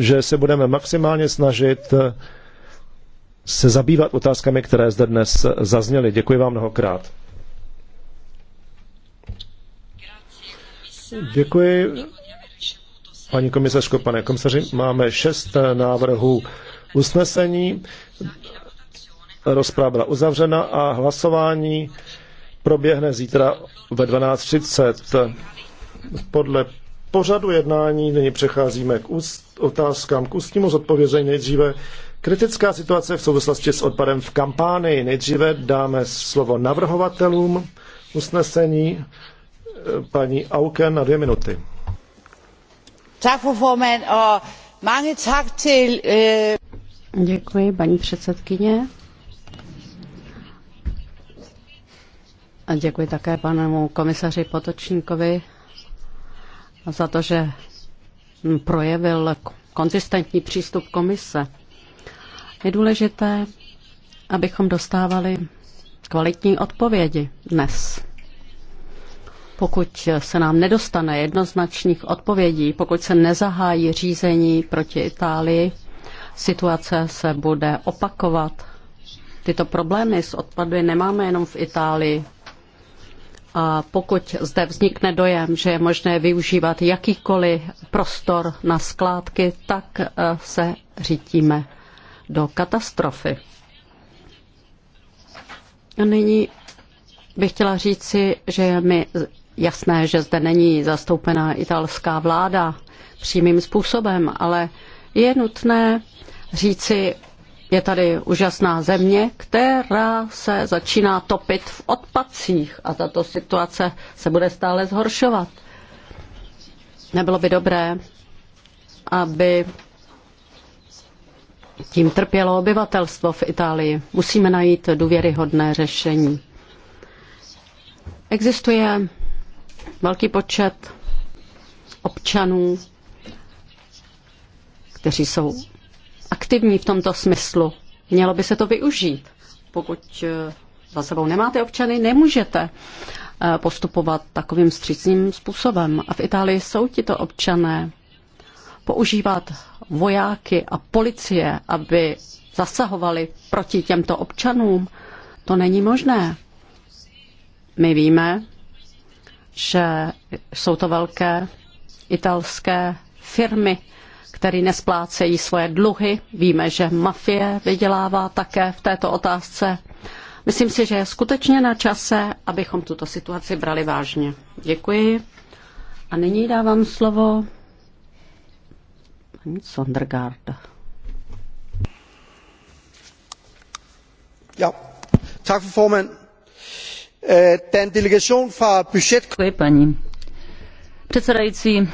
že se budeme maximálně snažit eh, se zabývat otázkami, které zde dnes eh, zazněly. Děkuji vám mnohokrát. Děkuji. Paní komisařko, pane komisaři, máme šest eh, návrhů usnesení. Rozpráva byla uzavřena a hlasování proběhne zítra ve 12.30. Podle pořadu jednání. Nyní přecházíme k úst, otázkám k ústnímu zodpovězení. Nejdříve kritická situace v souvislosti s odpadem v kampánii. Nejdříve dáme slovo navrhovatelům usnesení eh, paní Auken na dvě minuty. Øh, děkuji, paní předsedkyně. A děkuji také panu komisaři Potočníkovi za to, že projevil konzistentní přístup komise. Je důležité, abychom dostávali kvalitní odpovědi dnes. Pokud se nám nedostane jednoznačných odpovědí, pokud se nezahájí řízení proti Itálii, situace se bude opakovat. Tyto problémy s odpady nemáme jenom v Itálii, a pokud zde vznikne dojem, že je možné využívat jakýkoliv prostor na skládky, tak eh, se řítíme do katastrofy. A nyní bych chtěla říci, že je mi jasné, že zde není zastoupená italská vláda přímým způsobem, ale je nutné říci je tady úžasná země, která se začíná topit v odpadcích a tato situace se bude stále zhoršovat. Nebylo by dobré, aby tím trpělo obyvatelstvo v Itálii. Musíme najít důvěryhodné řešení. Existuje velký počet občanů, kteří jsou aktivní v tomto smyslu. Mělo by se to využít. Pokud eh, za sebou nemáte občany, nemůžete eh, postupovat takovým střícným způsobem. A v Itálii jsou tito občané používat vojáky a policie, aby zasahovali proti těmto občanům, to není možné. My víme, že jsou to velké italské firmy, který nesplácejí svoje dluhy. Víme, že mafie vydělává také v této otázce. Myslím si, že je skutečně na čase, abychom tuto situaci brali vážně. Děkuji. A nyní dávám slovo paní Sondergaard. Ja, tak for formand. Øh, Den er delegation fra budget... Děkuji, paní Předsedající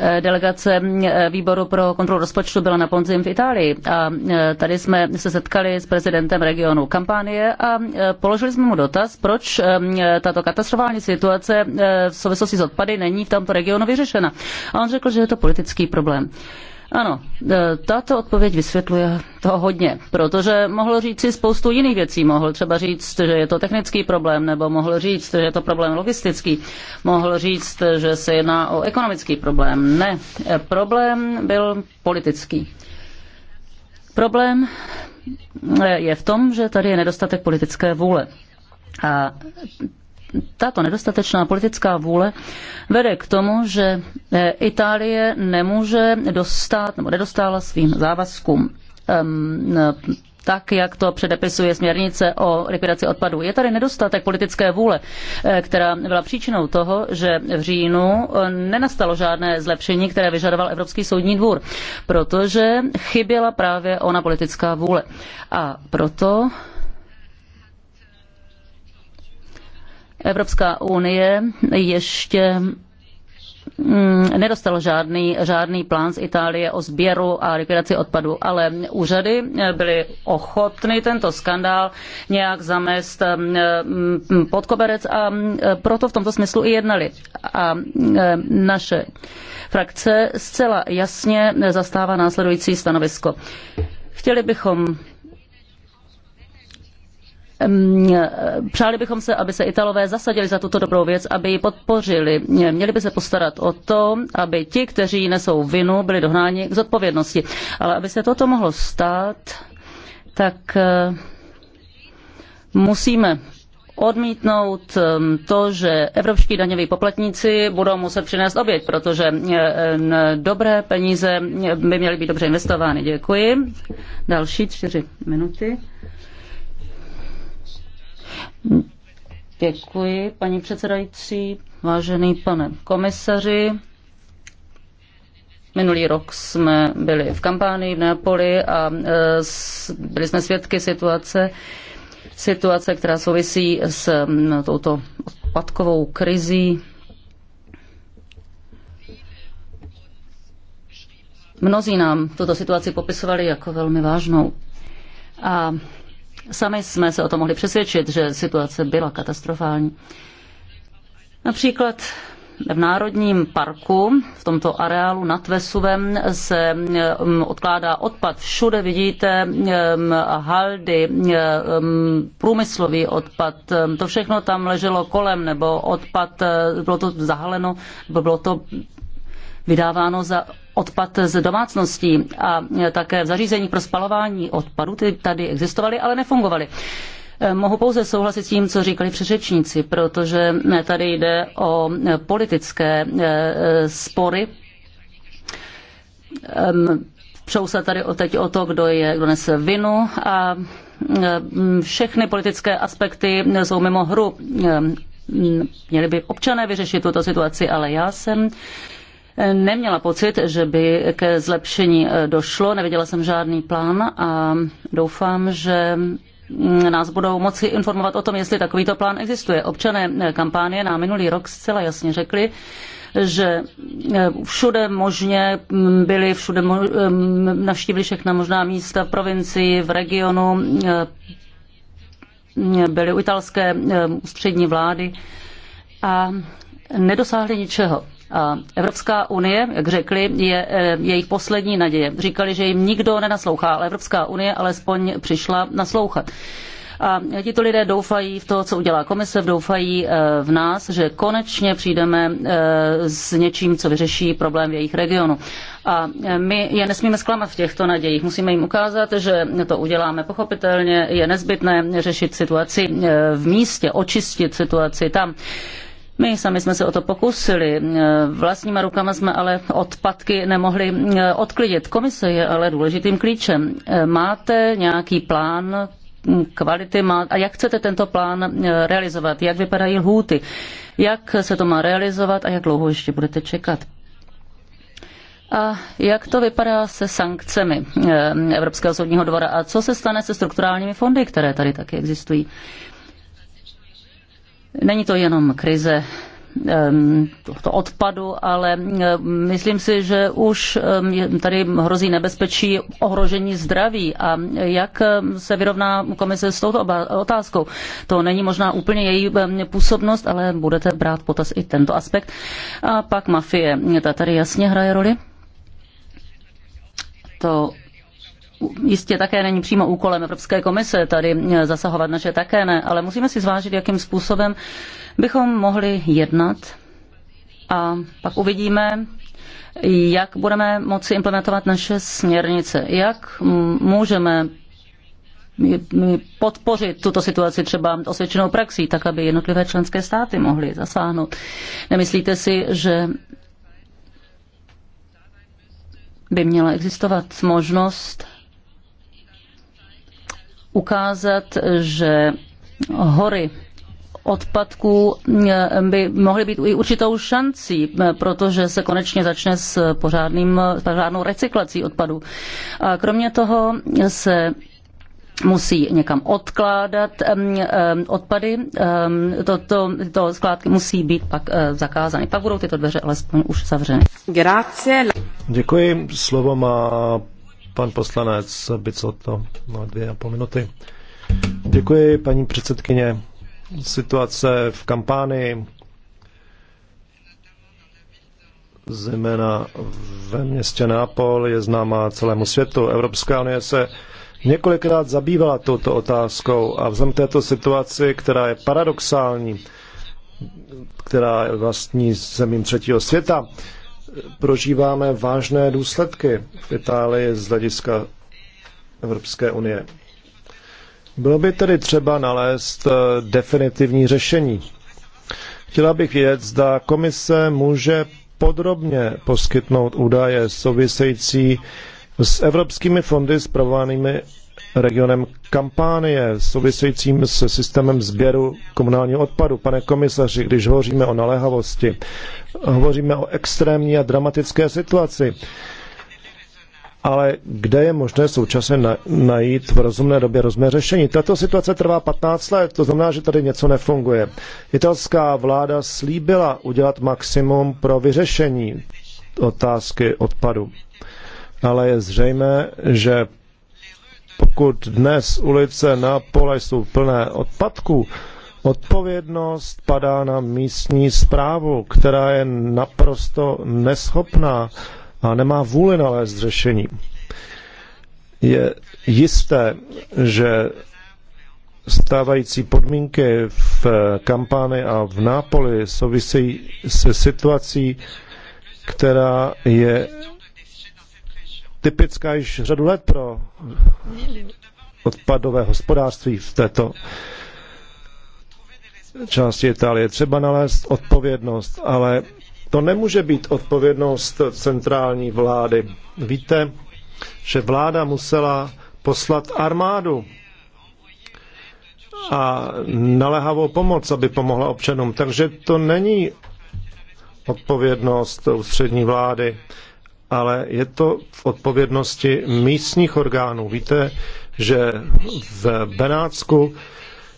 eh, delegace eh, výboru pro kontrolu rozpočtu byla na podzim v Itálii a eh, tady jsme se setkali s prezidentem regionu Kampánie a položili jsme mu dotaz, proč tato katastrofální situace v souvislosti s odpady není v tomto regionu vyřešena. A on řekl, že je to politický problém. Ano, e, tato odpověď vysvětluje to hodně, protože mohl říct si spoustu jiných věcí. Mohl třeba říct, že je to technický problém, nebo mohl říct, že je to problém logistický. Mohl říct, že se jedná o ekonomický problém. Ne, e, problém byl politický. Problém e, je v tom, že tady je nedostatek politické vůle. A tato nedostatečná politická vůle vede k tomu, že eh, Itálie nemůže dostat nebo nedostála svým závazkům tak, jak to předepisuje směrnice o likvidaci odpadů. Je tady nedostatek politické vůle, eh, která byla příčinou toho, že v říjnu eh, nenastalo žádné zlepšení, které vyžadoval Evropský soudní dvůr, protože chyběla právě ona politická vůle. A proto Evropská unie ještě mm, nedostal žádný, žádný plán z Itálie o sběru a likvidaci odpadu, ale úřady eh, byly ochotny tento skandál nějak zamést eh, mm, pod koberec a eh, proto v tomto smyslu i jednali. A naše frakce zcela jasně zastává následující stanovisko. Chtěli bychom Přáli bychom se, aby se Italové zasadili za tuto dobrou věc, aby ji podpořili. Měli by se postarat o to, aby ti, kteří nesou vinu, byli dohnáni k zodpovědnosti. Ale aby se toto mohlo stát, tak eh, musíme odmítnout to, že evropští daňoví poplatníci budou muset přinést oběť, protože eh, dobré peníze by měly být dobře investovány. Děkuji. Další čtyři minuty. Děkuji, paní předsedající, vážený pane komisaři. Minulý rok jsme byli v kampánii v Neapoli a e, byli jsme svědky situace, situace, která souvisí s touto odpadkovou krizí. Mnozí nám tuto situaci popisovali jako velmi vážnou. A Sami jsme se o tom mohli přesvědčit, že situace byla katastrofální. Například v Národním parku, v tomto areálu nad Vesuvem, se um, odkládá odpad. Všude vidíte um, haldy, um, průmyslový odpad. To všechno tam leželo kolem, nebo odpad, uh, bylo to zahaleno, bylo to vydáváno za odpad z domácností a také v zařízeních pro spalování odpadu, ty tady existovaly, ale nefungovaly. Eh, mohu pouze souhlasit s tím, co říkali předřečníci, protože eh, tady jde o eh, politické spory. Ehm, přou se tady teď o to, kdo, je, kdo nese vinu a ehm, všechny politické aspekty jsou mimo hru. Ehm, měli by občané vyřešit tuto situaci, ale já jsem neměla pocit, že by ke zlepšení eh, došlo. Neviděla jsem žádný plán a doufám, že mm, nás budou moci informovat o tom, jestli takovýto plán existuje. Občané eh, kampánie nám minulý rok zcela jasně řekli, že eh, všude možně mm, byli, všude mo- mm, navštívili všechna možná místa v provincii, v regionu, byly u italské ústřední vlády a nedosáhli ničeho. A Evropská unie, jak řekli, je e, jejich poslední naděje. Říkali, že jim nikdo nenaslouchá, ale Evropská unie alespoň přišla naslouchat. A tito lidé doufají v to, co udělá komise, doufají e, v nás, že konečně přijdeme e, s něčím, co vyřeší problém v jejich regionu. A my je nesmíme zklamat v těchto nadějích. Musíme jim ukázat, že to uděláme pochopitelně. Je nezbytné řešit situaci v místě, očistit situaci tam. My sami jsme se o to pokusili. E, vlastníma rukama jsme ale odpadky nemohli e, odklidit. Komise je ale důležitým klíčem. E, máte nějaký plán kvality má a jak chcete tento plán realizovat, jak vypadají lhůty, jak se to má realizovat a jak dlouho ještě budete čekat. A jak to vypadá se sankcemi Evropského soudního dvora a co se stane se strukturálními fondy, které tady taky existují? Není to jenom krize to odpadu, ale myslím si, že už tady hrozí nebezpečí ohrožení zdraví a jak se vyrovná komise s touto otázkou. To není možná úplně její působnost, ale budete brát potaz i tento aspekt. A pak mafie, ta tady jasně hraje roli. To jistě také není přímo úkolem Evropské komise tady eh, zasahovat naše také ne, ale musíme si zvážit, jakým způsobem bychom mohli jednat a pak uvidíme, jak budeme moci implementovat naše směrnice, jak můžeme podpořit tuto situaci třeba osvědčenou praxí, tak aby jednotlivé členské státy mohly zasáhnout. Nemyslíte si, že by měla existovat možnost ukázat, že hory odpadků eh, by mohly být i určitou šancí, eh, protože se konečně začne s, pořádným, s pořádnou recyklací odpadů. A kromě toho se musí někam odkládat odpady, to, to, to skládky musí být pak eh, zakázány. Pak budou tyto dveře alespoň už zavřeny. Děkuji. Slovo má Pan poslanec Bicoto má dvě a půl minuty. Děkuji, paní předsedkyně. Situace v kampánii, zejména ve městě Nápol, je známá celému světu. Evropská unie se několikrát zabývala touto otázkou a vzhledem této situaci, která je paradoxální, která je vlastní zemím třetího světa, prožíváme vážné důsledky v Itálii z hlediska Evropské unie. Bylo by tedy třeba nalézt eh, definitivní řešení. Chtěla bych vědět, zda komise může podrobně poskytnout údaje související s evropskými fondy spravovanými regionem Kampánie, souvisejícím s systémem sběru komunálního odpadu. Pane komisaři, když hovoříme o naléhavosti, hovoříme o extrémní a dramatické situaci. Ale kde je možné současně najít v rozumné době rozumné řešení? Tato situace trvá 15 let, to znamená, že tady něco nefunguje. Italská vláda slíbila udělat maximum pro vyřešení otázky odpadu ale je zřejmé, že pokud dnes ulice na pole jsou plné odpadků, odpovědnost padá na místní správu, která je naprosto neschopná a nemá vůli nalézt řešení. Je jisté, že stávající podmínky v kampány a v Nápoli souvisejí se situací, která je typická již řadu let pro odpadové hospodářství v této části Itálie. Třeba nalézt odpovědnost, ale to nemůže být odpovědnost centrální vlády. Víte, že vláda musela poslat armádu a naléhavou pomoc, aby pomohla občanům. Takže to není odpovědnost ústřední vlády ale je to v odpovědnosti místních orgánů. Víte, že v Benátsku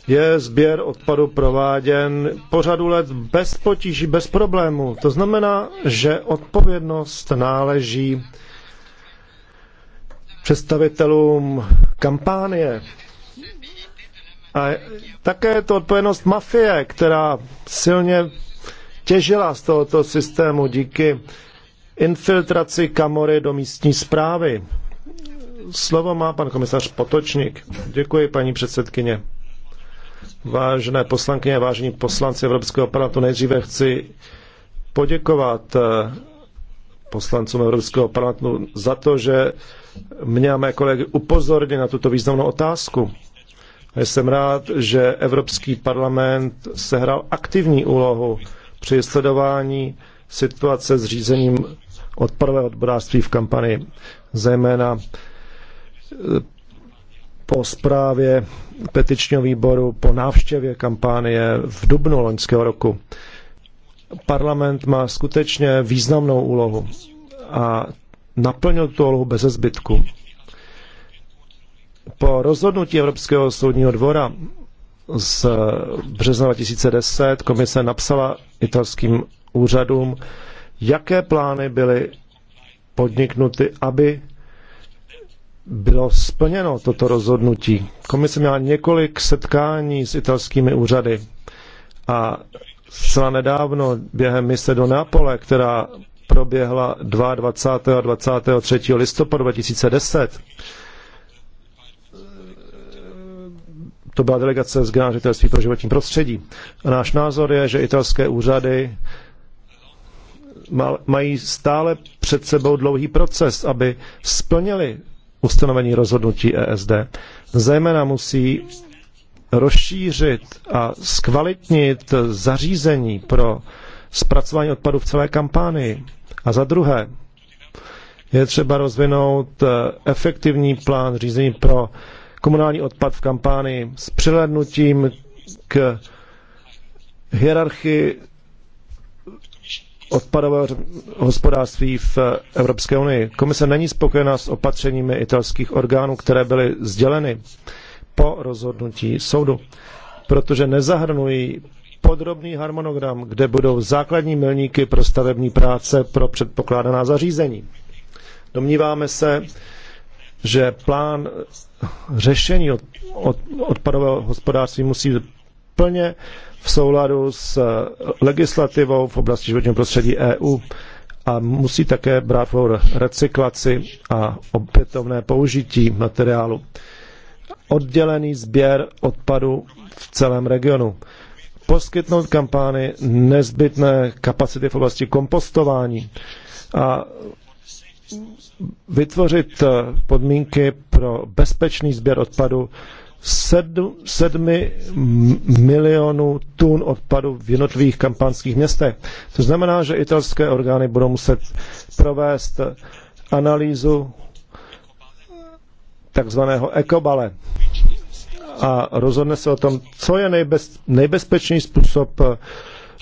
je sběr odpadu prováděn po řadu let bez potíží, bez problémů. To znamená, že odpovědnost náleží představitelům kampánie. A také je to odpovědnost mafie, která silně těžila z tohoto systému díky infiltraci Kamory do místní zprávy. Slovo má pan komisař Potočník. Děkuji, paní předsedkyně. Vážené poslankyně, vážení poslanci Evropského parlamentu, nejdříve chci poděkovat eh, poslancům Evropského parlamentu za to, že mě a mé kolegy upozornili na tuto významnou otázku. jsem rád, že Evropský parlament sehrál aktivní úlohu při sledování situace s řízením odpadového odborářství v kampani, zejména e, po zprávě petičního výboru, po návštěvě kampánie v dubnu loňského roku. Parlament má skutečně významnou úlohu a naplnil tu úlohu bez zbytku. Po rozhodnutí Evropského soudního dvora z března 2010 komise napsala italským úřadům, Jaké plány byly podniknuty, aby bylo splněno toto rozhodnutí? Komise měla několik setkání s italskými úřady a zcela nedávno během mise do Neapole, která proběhla 22. a 23. listopadu 2010, to byla delegace z Generálního pro životní prostředí. A náš názor je, že italské úřady mají stále před sebou dlouhý proces, aby splnili ustanovení rozhodnutí ESD. Zejména musí rozšířit a zkvalitnit zařízení pro zpracování odpadu v celé kampánii. A za druhé, je třeba rozvinout eh, efektivní plán řízení pro komunální odpad v kampánii s přilednutím k hierarchii odpadového hospodářství v Evropské unii. Komise není spokojená s opatřeními italských orgánů, které byly sděleny po rozhodnutí soudu, protože nezahrnují podrobný harmonogram, kde budou základní milníky pro stavební práce pro předpokládaná zařízení. Domníváme se, že plán řešení od, od, odpadového hospodářství musí plně v souladu s eh, legislativou v oblasti životního prostředí EU a musí také brát v recyklaci a opětovné použití materiálu. Oddělený sběr odpadu v celém regionu. Poskytnout kampány nezbytné kapacity v oblasti kompostování a vytvořit eh, podmínky pro bezpečný sběr odpadu sedm, sedmi milionů tun odpadu v jednotlivých kampanských městech. To znamená, že italské orgány budou muset provést analýzu takzvaného ekobale a rozhodne se o tom, co je nejbez, způsob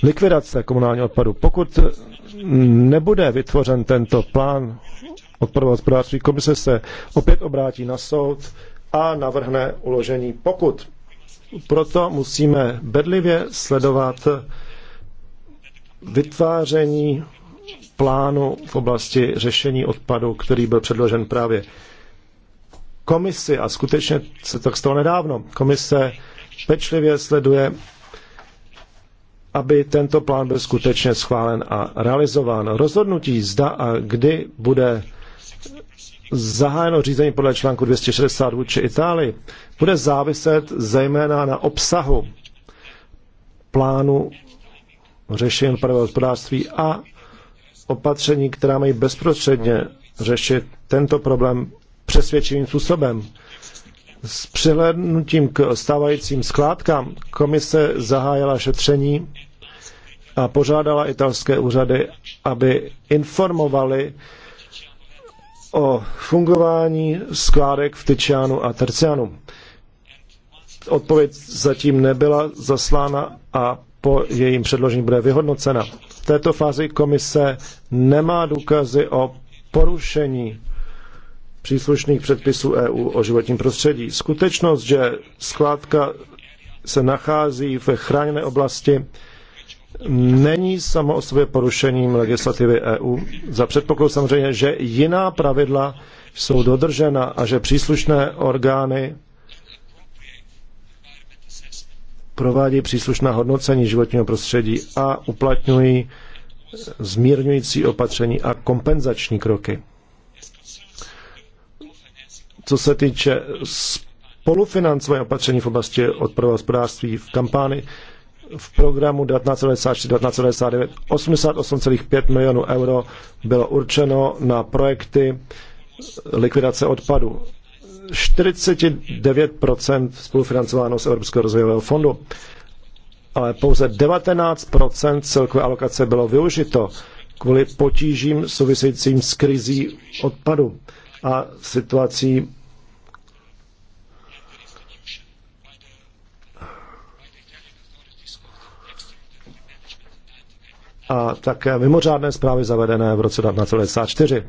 likvidace komunálního odpadu. Pokud nebude vytvořen tento plán odpadového hospodářství, komise se opět obrátí na soud a navrhne uložení pokut. Proto musíme bedlivě sledovat vytváření plánu v oblasti řešení odpadu, který byl předložen právě komisi, a skutečně se tak stalo nedávno, komise pečlivě sleduje, aby tento plán byl skutečně schválen a realizován. Rozhodnutí zda a kdy bude zahájeno řízení podle článku 260 vůči Itálii bude záviset zejména na obsahu plánu řešení odpadového hospodářství a opatření, která mají bezprostředně řešit tento problém přesvědčivým způsobem. S přihlednutím k stávajícím skládkám komise zahájila šetření a požádala italské úřady, aby informovali o fungování skládek v Tyčánu a Terciánu. Odpověď zatím nebyla zaslána a po jejím předložení bude vyhodnocena. V této fázi komise nemá důkazy o porušení příslušných předpisů EU o životním prostředí. Skutečnost, že skládka se nachází v chráněné oblasti, není samo o sobě porušením legislativy EU, za předpokladu samozřejmě, že jiná pravidla jsou dodržena a že příslušné orgány provádí příslušná hodnocení životního prostředí a uplatňují zmírňující opatření a kompenzační kroky. Co se týče spolufinancování opatření v oblasti odpadového hospodářství v kampani v programu 1994-1999 88,5 milionů euro bylo určeno na projekty likvidace odpadu. 49% spolufinancováno z Evropského rozvojového fondu, ale pouze 19% celkové alokace bylo využito kvůli potížím souvisejícím s krizí odpadu a situací a také mimořádné zprávy zavedené v roce 1994.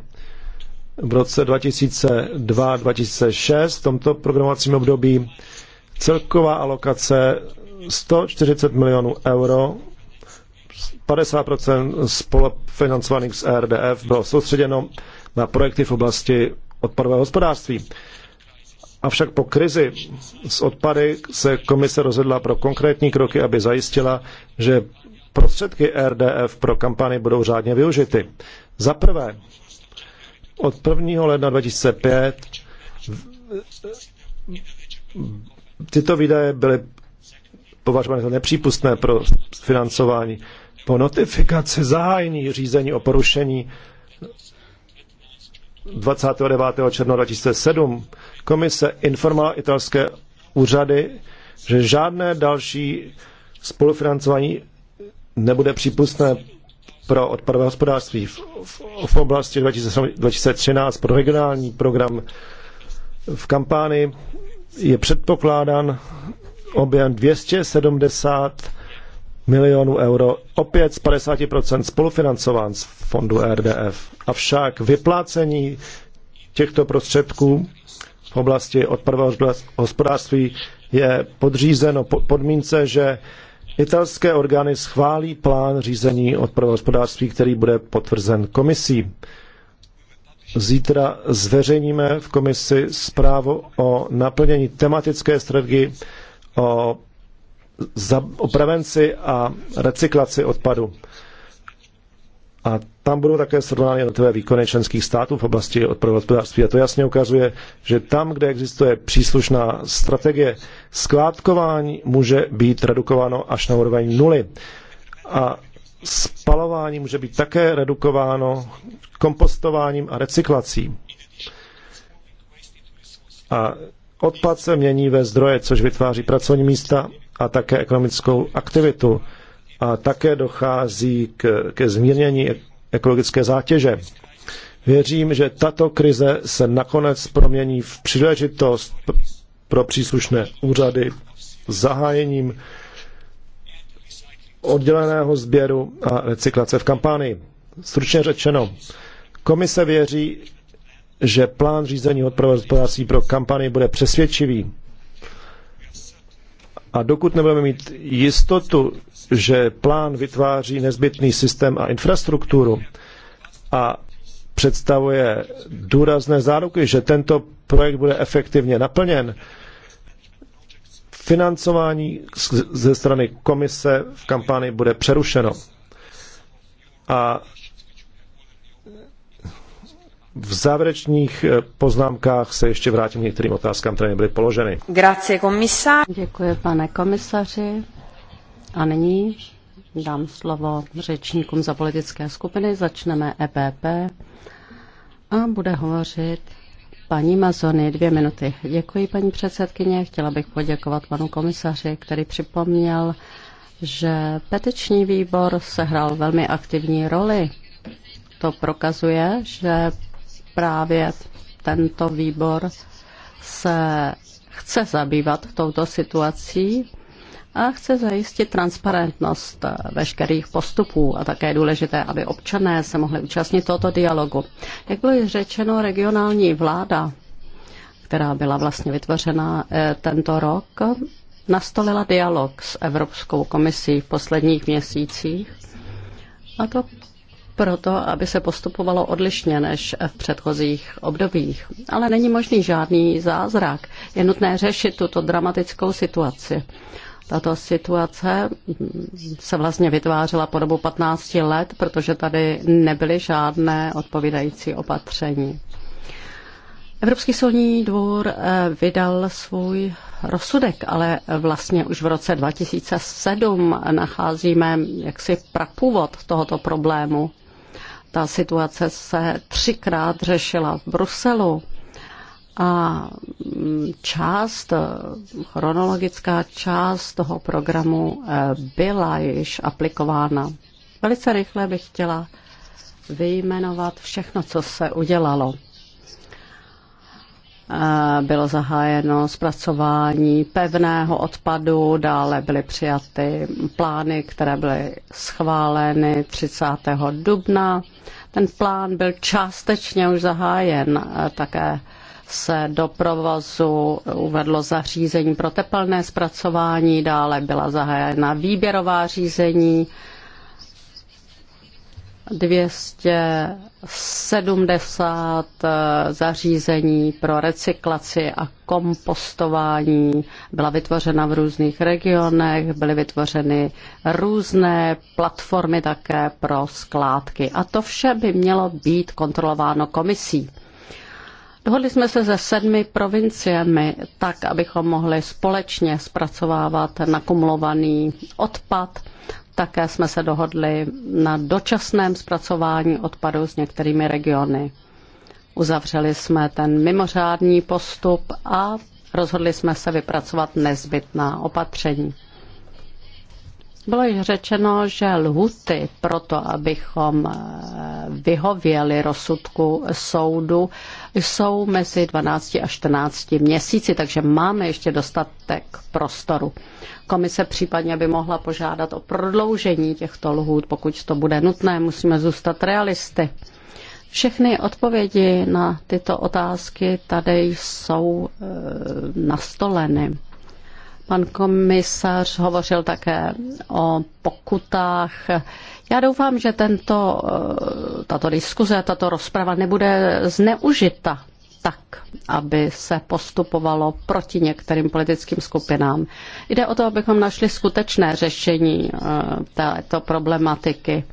V roce 2002-2006 v tomto programovacím období celková alokace 140 milionů euro 50 spolufinancovaných z e RDF bylo soustředěno na projekty v oblasti odpadového hospodářství. Avšak po krizi s odpady se komise rozhodla pro konkrétní kroky, aby zajistila, že prostředky RDF pro kampani budou řádně využity. Za prvé, od 1. ledna 2005 tyto výdaje byly považovány za nepřípustné pro financování. Po notifikaci zahájení řízení o porušení 29. června 2007 komise informovala italské úřady, že žádné další spolufinancování nebude přípustné pro odpadové hospodářství. V, v, v oblasti 2013 pro regionální program v kampáni je předpokládán objem 270 milionů euro, opět z 50% spolufinancován z fondu RDF. Avšak vyplácení těchto prostředků v oblasti odpadového hospodářství je podřízeno podmínce, že Italské orgány schválí plán řízení odpadového hospodářství, který bude potvrzen komisí. Zítra zveřejníme v komisi zprávu o naplnění tematické strategie o, o prevenci a recyklaci odpadu. A tam budou také srovnány jednotlivé výkony členských států v oblasti odpadového hospodářství. A to jasně ukazuje, že tam, kde existuje příslušná strategie, skládkování může být redukováno až na úroveň nuly. A spalování může být také redukováno kompostováním a recyklací. A odpad se mění ve zdroje, což vytváří pracovní místa a také ekonomickou aktivitu a také dochází k, ke zmírnění ekologické zátěže. Věřím, že tato krize se nakonec promění v příležitost pro příslušné úřady zahájením odděleného sběru a recyklace v kampánii. Stručně řečeno, komise věří, že plán řízení odpadu hospodářství pro kampanii bude přesvědčivý a dokud nebudeme mít jistotu, že plán vytváří nezbytný systém a infrastrukturu a představuje důrazné záruky, že tento projekt bude efektivně naplněn, financování ze strany komise v kampani bude přerušeno. A v závěrečných eh, poznámkách se ještě vrátím k některým otázkám, které mi byly položeny. Grazie, komisař. Děkuji, pane komisaři. A nyní dám slovo řečníkům za politické skupiny. Začneme EPP a bude hovořit paní Mazony. Dvě minuty. Děkuji, paní předsedkyně. Chtěla bych poděkovat panu komisaři, který připomněl, že petiční výbor sehrál velmi aktivní roli to prokazuje, že právě tento výbor se chce zabývat touto situací a chce zajistit transparentnost veškerých postupů a také je důležité, aby občané se mohli účastnit tohoto dialogu. Jak bylo řečeno, regionální vláda, která byla vlastně vytvořena eh, tento rok, nastolila dialog s Evropskou komisí v posledních měsících a to proto, aby se postupovalo odlišně než v předchozích obdobích. Ale není možný žádný zázrak. Je nutné řešit tuto dramatickou situaci. Tato situace se vlastně vytvářela po dobu 15 let, protože tady nebyly žádné odpovídající opatření. Evropský soudní dvůr eh, vydal svůj rozsudek, ale vlastně už v roce 2007 nacházíme jaksi prapůvod tohoto problému. Ta situace se třikrát řešila v Bruselu a mm, část, chronologická část toho programu eh, byla již aplikována. Velice rychle bych chtěla vyjmenovat všechno, co se udělalo. Eh, bylo zahájeno zpracování pevného odpadu, dále byly přijaty plány, které byly schváleny 30. dubna. Ten plán byl částečně už zahájen eh, také se do provozu uvedlo zařízení pro tepelné zpracování, dále byla zahájena výběrová řízení, 270 eh, zařízení pro recyklaci a kompostování byla vytvořena v různých regionech, byly vytvořeny různé platformy také pro skládky. A to vše by mělo být kontrolováno komisí. Dohodli jsme se se sedmi provinciemi, tak abychom mohli společně zpracovávat nakumulovaný odpad také jsme se dohodli na dočasném zpracování odpadu s některými regiony. Uzavřeli jsme ten mimořádný postup a rozhodli jsme se vypracovat nezbytná opatření. Bylo již řečeno, že lhuty pro to, abychom eh, vyhověli rozsudku soudu, jsou mezi 12 a 14 měsíci, takže máme ještě dostatek prostoru. Komise případně by mohla požádat o prodloužení těchto lhůt, pokud to bude nutné, musíme zůstat realisty. Všechny odpovědi na tyto otázky tady jsou e, nastoleny. Pan komisař hovořil také o pokutách. Já doufám, že tento, eh, tato diskuze, tato rozprava nebude zneužita tak, aby se postupovalo proti některým politickým skupinám. Jde o to, abychom našli skutečné řešení eh, této problematiky.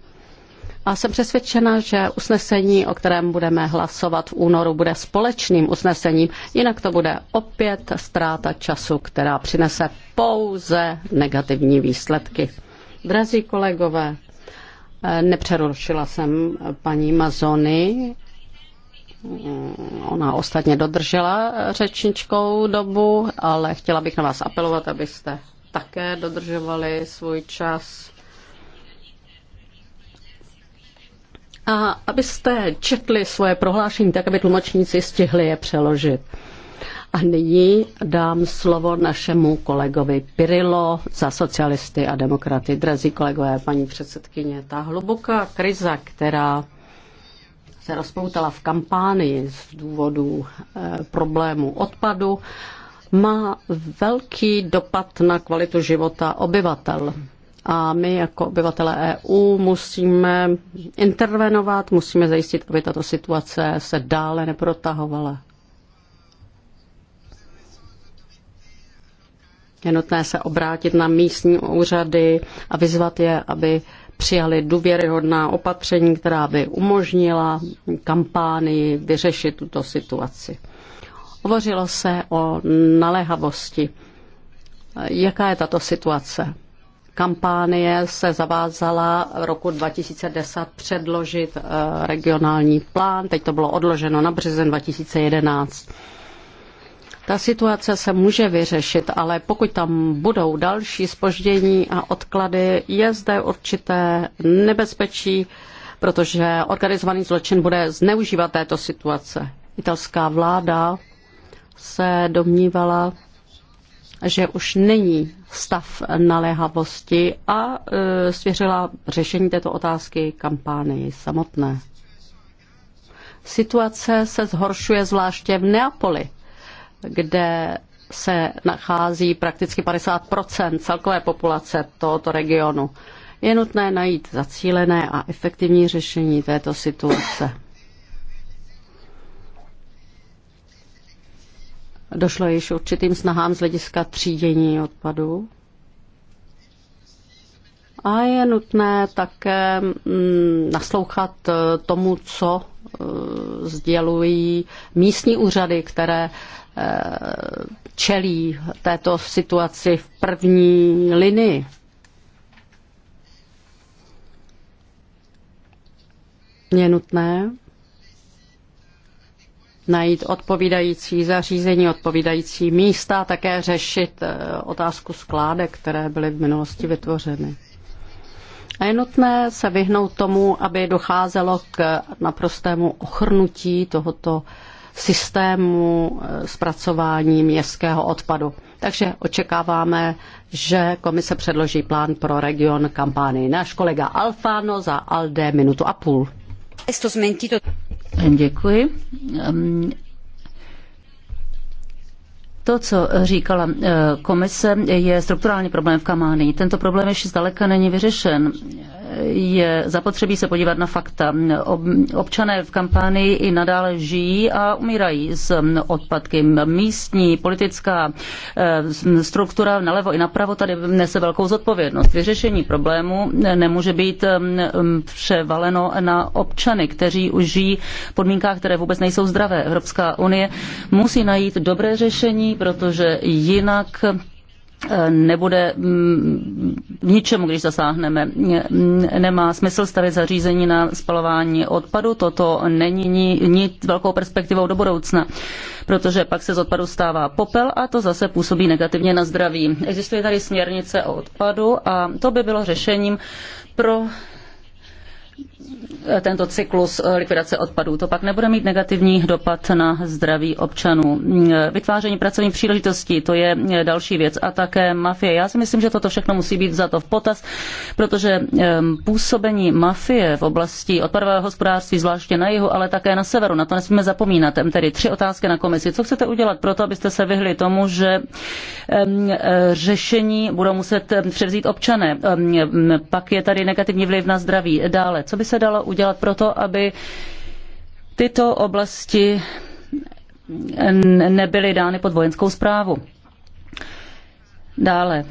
A jsem přesvědčena, že usnesení, o kterém budeme hlasovat v únoru, bude společným usnesením, jinak to bude opět ztráta času, která přinese pouze negativní výsledky. Drazí kolegové, nepřerušila jsem paní Mazony, Ona ostatně dodržela řečničkou dobu, ale chtěla bych na vás apelovat, abyste také dodržovali svůj čas. a abyste četli svoje prohlášení tak, aby tlumočníci stihli je přeložit. A nyní dám slovo našemu kolegovi Pirilo za socialisty a demokraty. Drazí kolegové, paní předsedkyně, ta hluboká kriza, která se rozpoutala v kampánii z důvodu e, problému odpadu, má velký dopad na kvalitu života obyvatel a my jako obyvatele EU musíme intervenovat, musíme zajistit, aby tato situace se dále neprotahovala. Je nutné se obrátit na místní úřady a vyzvat je, aby přijali důvěryhodná opatření, která by umožnila kampánii vyřešit tuto situaci. Hovořilo se o naléhavosti. Jaká je tato situace? Kampánie se zavázala roku 2010 předložit eh, regionální plán, teď to bylo odloženo na březen 2011. Ta situace se může vyřešit, ale pokud tam budou další spoždění a odklady, je zde určité nebezpečí, protože organizovaný zločin bude zneužívat této situace. Italská vláda se domnívala, že už není stav naléhavosti a e, svěřila řešení této otázky kampánii samotné. Situace se zhoršuje zvláště v Neapoli, kde se nachází prakticky 50 celkové populace tohoto regionu. Je nutné najít zacílené a efektivní řešení této situace. Došlo již určitým snahám z hlediska třídění odpadů. A je nutné také mm, naslouchat eh, tomu, co eh, sdělují místní úřady, které eh, čelí této situaci v první linii. Je nutné, najít odpovídající zařízení, odpovídající místa a také řešit eh, otázku skládek, které byly v minulosti vytvořeny. A je nutné se vyhnout tomu, aby docházelo k naprostému ochrnutí tohoto systému eh, zpracování městského odpadu. Takže očekáváme, že komise předloží plán pro region kampány. Náš kolega Alfano za Alde minutu a půl. Děkuji. To, co říkala eh, komise, je strukturální problém v Kamánii. Tento problém ještě zdaleka není vyřešen je zapotřebí se podívat na fakta. Občané v kampánii i nadále žijí a umírají s odpadky. Místní politická eh, struktura nalevo i napravo tady nese velkou zodpovědnost. Vyřešení problému nemůže být eh, převaleno na občany, kteří už žijí v podmínkách, které vůbec nejsou zdravé. Evropská unie musí najít dobré řešení, protože jinak nebude v mm, ničemu, když zasáhneme. Nemá smysl stavět zařízení na spalování odpadu, toto není nic velkou perspektivou do budoucna, protože pak se z odpadu stává popel a to zase působí negativně na zdraví. Existuje tady směrnice o odpadu a to by bylo řešením pro tento cyklus eh, likvidace odpadů. To pak nebude mít negativní dopad na zdraví občanů. Mm, eh, vytváření pracovních příležitostí, to je eh, další věc. A také mafie. Já si myslím, že toto všechno musí být za to v potaz, protože působení mafie v oblasti odpadového hospodářství, zvláště na jihu, ale také na severu, na to nesmíme zapomínat. Tedy tři otázky na komisi. Co chcete udělat pro to, abyste se vyhli tomu, že řešení budou muset převzít občané? Pak je tady negativní vliv na zdraví. Dále, co by se se dalo udělat proto, aby tyto oblasti nebyly dány pod vojenskou správu. Dále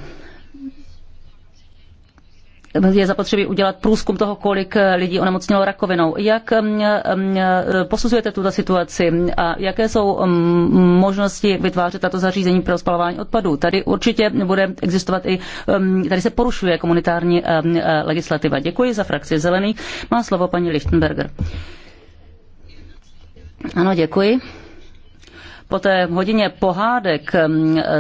je zapotřebí udělat průzkum toho, kolik eh, lidí onemocnělo rakovinou. Jak mm, mm, eh, posuzujete tuto situaci a jaké jsou mm, možnosti vytvářet tato zařízení pro spalování odpadů? Tady určitě bude existovat i, tady se porušuje komunitární eh, legislativa. Děkuji za frakci Zelený. Má slovo paní Lichtenberger. Ano, děkuji. Po té hodině pohádek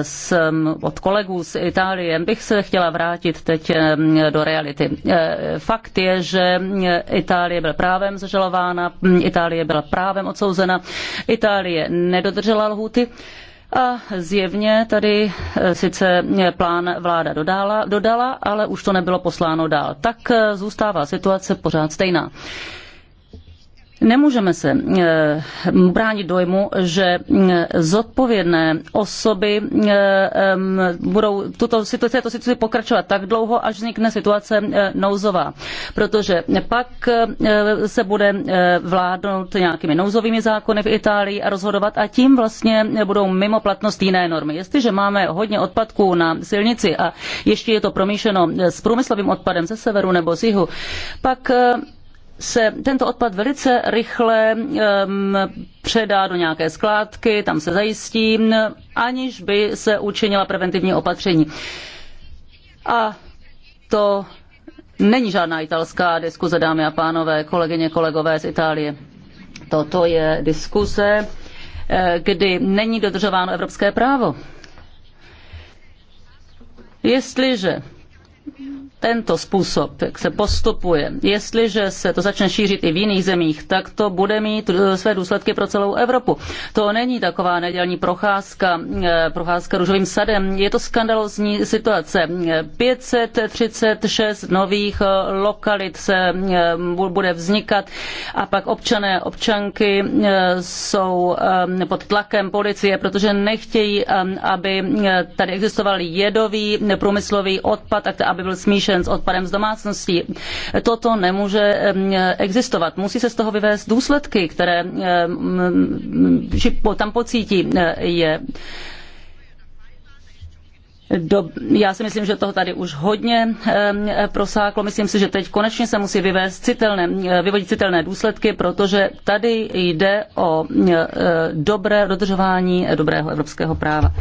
s, od kolegů z Itálie bych se chtěla vrátit teď do reality. E, fakt je, že Itálie byla právem zažalována, Itálie byla právem odsouzena, Itálie nedodržela lhuty. A zjevně tady e, sice plán vláda dodala, dodala, ale už to nebylo posláno dál. Tak e, zůstává situace pořád stejná. Nemůžeme se eh, bránit dojmu, že mm, zodpovědné osoby eh, budou tuto situaci, tuto situaci pokračovat tak dlouho, až vznikne situace eh, nouzová. Protože pak se bude vládnout nějakými nouzovými zákony v Itálii a rozhodovat a tím vlastně budou mimo platnost jiné normy. Jestliže máme hodně odpadků na silnici a ještě je to promíšeno s průmyslovým odpadem ze severu nebo z jihu, pak se tento odpad velice rychle um, předá do nějaké skládky, tam se zajistí, aniž by se učinila preventivní opatření. A to není žádná italská diskuze, dámy a pánové, kolegyně, kolegové z Itálie. Toto je diskuze, eh, kdy není dodržováno evropské právo. Jestliže tento způsob, jak se postupuje, jestliže se to začne šířit i v jiných zemích, tak to bude mít eh, své důsledky pro celou Evropu. To není taková nedělní procházka, eh, procházka růžovým sadem. Je to skandalozní situace. 536 nových eh, lokalit se bude vznikat a pak občané, občanky jsou pod tlakem policie, protože nechtějí, aby tady existoval jedový průmyslový odpad a aby byl smíšen s odpadem z domácností. Toto nemůže existovat. Musí se z toho vyvést důsledky, které tam pocítí e, je do, já si myslím, že toho tady už hodně e, prosáklo. Myslím si, že teď konečně se musí vyvést citelné, e, vyvodit citelné důsledky, protože tady jde o e, e dobré dodržování dobrého evropského práva.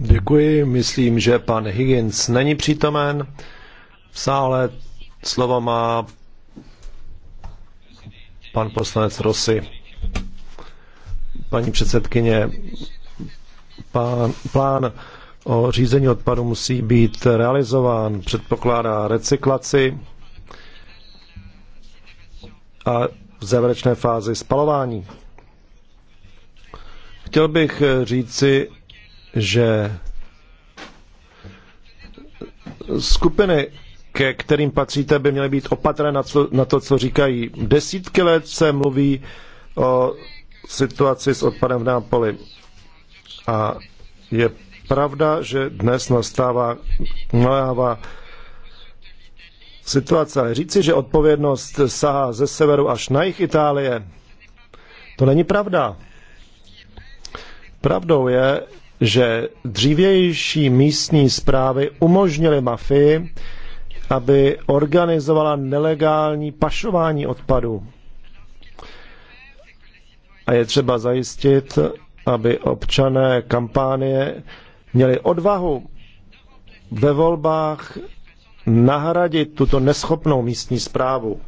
Děkuji, myslím, že pan Higgins není přítomen v sále. Slovo má pan poslanec Rossi. Paní předsedkyně, pán, plán o řízení odpadu musí být realizován, předpokládá recyklaci a v závěrečné fázi spalování. Chtěl bych eh, říci, že skupiny, ke kterým patříte, by měly být opatrné na, co, na to, co říkají. Desítky let se mluví o situaci s odpadem v Nápoli. A je pravda, že dnes nastává naléhavá situace. Ale říci, že odpovědnost sahá ze severu až na jich Itálie, to není pravda. Pravdou je, že dřívější místní zprávy umožnily mafii, aby organizovala nelegální pašování odpadů. A je třeba zajistit, aby občané kampánie měli odvahu ve volbách nahradit tuto neschopnou místní zprávu.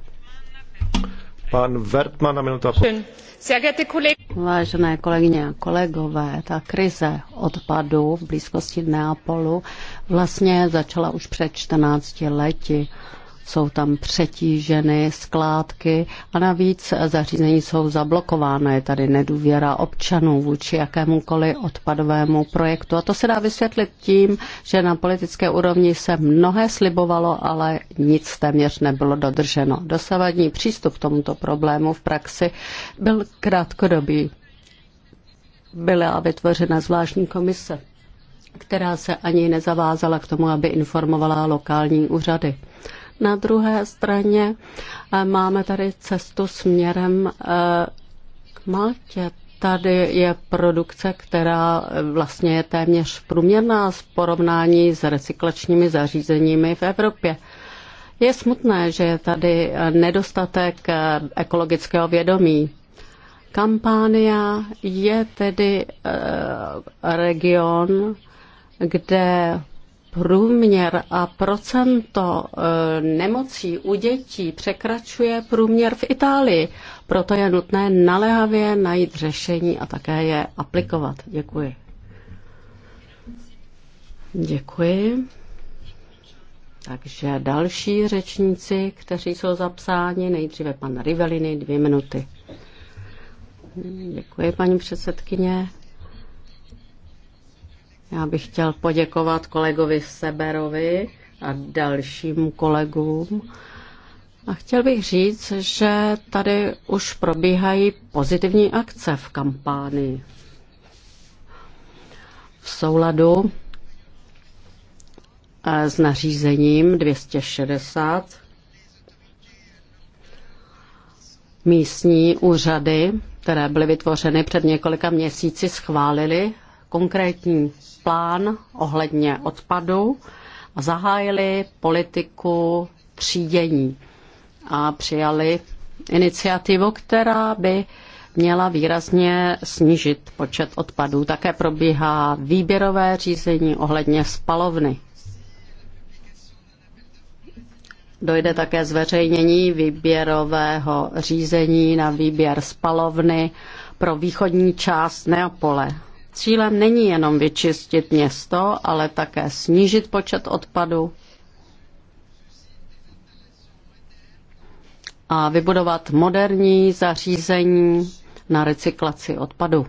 Pan Vertman na minutu a půl. Vážené kolegyně a kolegové, ta krize odpadu v blízkosti Neapolu vlastně začala už před 14 lety jsou tam přetíženy skládky a navíc zařízení jsou zablokována. Je tady nedůvěra občanů vůči jakémukoliv odpadovému projektu. A to se dá vysvětlit tím, že na politické úrovni se mnohé slibovalo, ale nic téměř nebylo dodrženo. Dosavadní přístup k tomuto problému v praxi byl krátkodobý. Byla vytvořena zvláštní komise která se ani nezavázala k tomu, aby informovala lokální úřady. Na druhé straně eh, máme tady cestu směrem eh, k Maltě. Tady je produkce, která eh, vlastně je téměř průměrná v porovnání s recyklačními zařízeními v Evropě. Je smutné, že je tady nedostatek ekologického vědomí. Kampánia je tedy region, kde průměr a procento e, nemocí u dětí překračuje průměr v Itálii. Proto je nutné naléhavě najít řešení a také je aplikovat. Děkuji. Děkuji. Takže další řečníci, kteří jsou zapsáni, nejdříve pan Rivelini, dvě minuty. Děkuji, paní předsedkyně. Já bych chtěl poděkovat kolegovi Seberovi a dalším kolegům. A chtěl bych říct, že tady už probíhají pozitivní akce v kampánii. V souladu eh, s nařízením 260 místní úřady, které byly vytvořeny před několika měsíci, schválili konkrétní plán ohledně odpadu a zahájili politiku třídění a přijali iniciativu, která by měla výrazně snížit počet odpadů. Také probíhá výběrové řízení ohledně spalovny. Dojde také zveřejnění výběrového řízení na výběr spalovny pro východní část Neapole. Cílem není jenom vyčistit město, ale také snížit počet odpadu a vybudovat moderní zařízení na recyklaci odpadu.